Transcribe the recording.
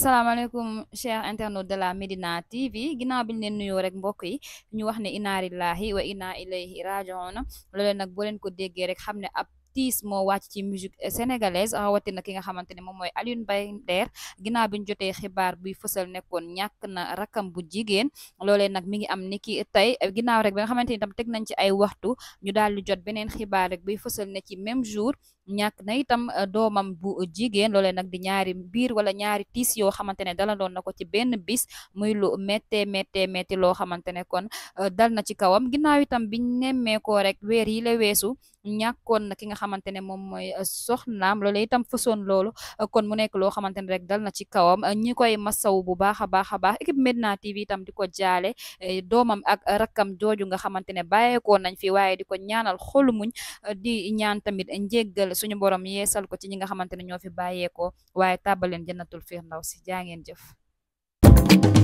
salaamaaleykum chers internautes de la Médina TV ginnaaw bi ñu leen nuyoo rek mbokk yi ñu wax ne inna lillahi wa inna ilayhi raji'un loolee nag boo leen ko déggee rek xam ne a tiis moo wàcc ci musique sénégalaise rawatina ki nga xamante ne moom mooy Alioune Mbaye Nder ginnaaw bi ñu jotee xibaar buy fësal nekkoon ñàkk na rakam bu jigéen loolee nag mi ngi am ni ki tey ginnaaw rek bi nga xamante ni tam teg nañ ci ay waxtu ñu daal di beneen xibaar rek buy fësal ne ci même jour ñàkk na itam euh, doomam bu jigéen loole nag di ñaari biir wala ñaari tiis yoo xamante ne dala doon na ko ci benn bis muy lu méttee méttee métti loo xamante ne kon euh, dal na ci kawam ginnaaw itam biñ nemmee ko rek weer yi la weesu ñàkkoon na ki nga xamante ne moom mooy euh, soxnaam loolu itam fësoon loolu euh, kon mu nekk loo xamante ne rek dal na ci kawam euh, ñi koy masaw bu baax a baax a baax équipe Medina TV itam di ko jaale doomam ak rakkam jooju nga xamante ne bàyyeekoo nañ fi waaye di ko ñaanal xolu muñ di ñaan tamit njéggal suñu borom yeesal ko ci ñi nga xamante ne ñoo fi bàyyeekoo waaye tàbbaleen jannatul firndaw si jaa ngeen jëf